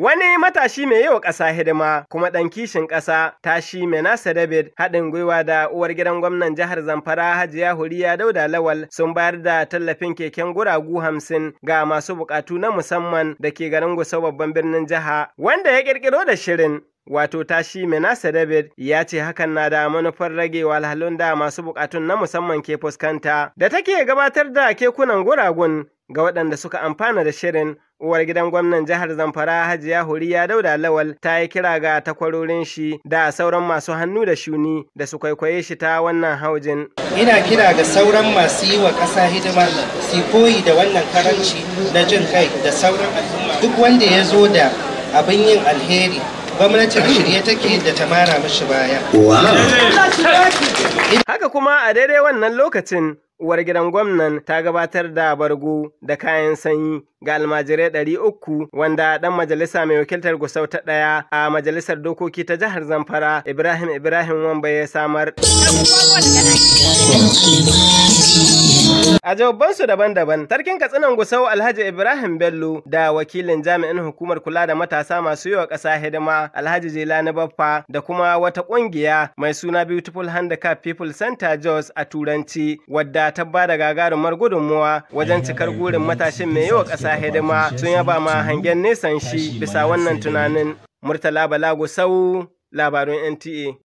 Wani matashi mai yi ƙasa hidima kuma ɗan kishin ƙasa tashi Menasa David haɗin gwiwa da uwar gidan gwamnan jihar Zamfara Hajiya Huriya Dauda Lawal sun bayar da tallafin keken guragu hamsin ga masu buƙatu na musamman da ke garin Gusau babban birnin jiha wanda ya ƙirƙiro da shirin wato tashi Menasa David ya ce hakan na da manufar rage walhalun da masu bukatun na musamman ke fuskanta da take gabatar da kekunan guragun ga waɗanda suka amfana da shirin uwar gidan gwamnan jihar zamfara hajiya huriya dauda lawal ta yi kira ga takwarorin shi da sauran masu hannu da shuni da su kwaikwaye shi ta wannan haujin ina kira ga sauran masu yi wa ƙasa hidima su koyi da wannan karanci na jin kai da sauran al'umma duk wanda ya zo da abin yin alheri gwamnatin shirye take da ta mara mishi baya haka kuma a daidai wannan lokacin Uwar gidan gwamnan ta gabatar da bargo da kayan sanyi ga almajirai ɗari uku wanda ɗan majalisa mai wakiltar gusau ta ɗaya a majalisar dokoki ta jihar Zamfara Ibrahim Ibrahim Wamba ya samar. A jawabansu daban-daban, Sarkin Katsinan Gusau Alhaji Ibrahim Bello da wakilin jami'in hukumar kula da matasa masu yi wa ƙasa hidima Alhaji Jelani Baffa da kuma wata ƙungiya mai suna Beautiful Handicap People Center Jos a Turanci wadda ta ba da gagarumar gudunmuwa wajen cikar gurin matashin mai yi wa ƙasa hidima sun yaba ma hangen nesan shi bisa wannan tunanin. Murtala Bala Gusau, labarun NTA.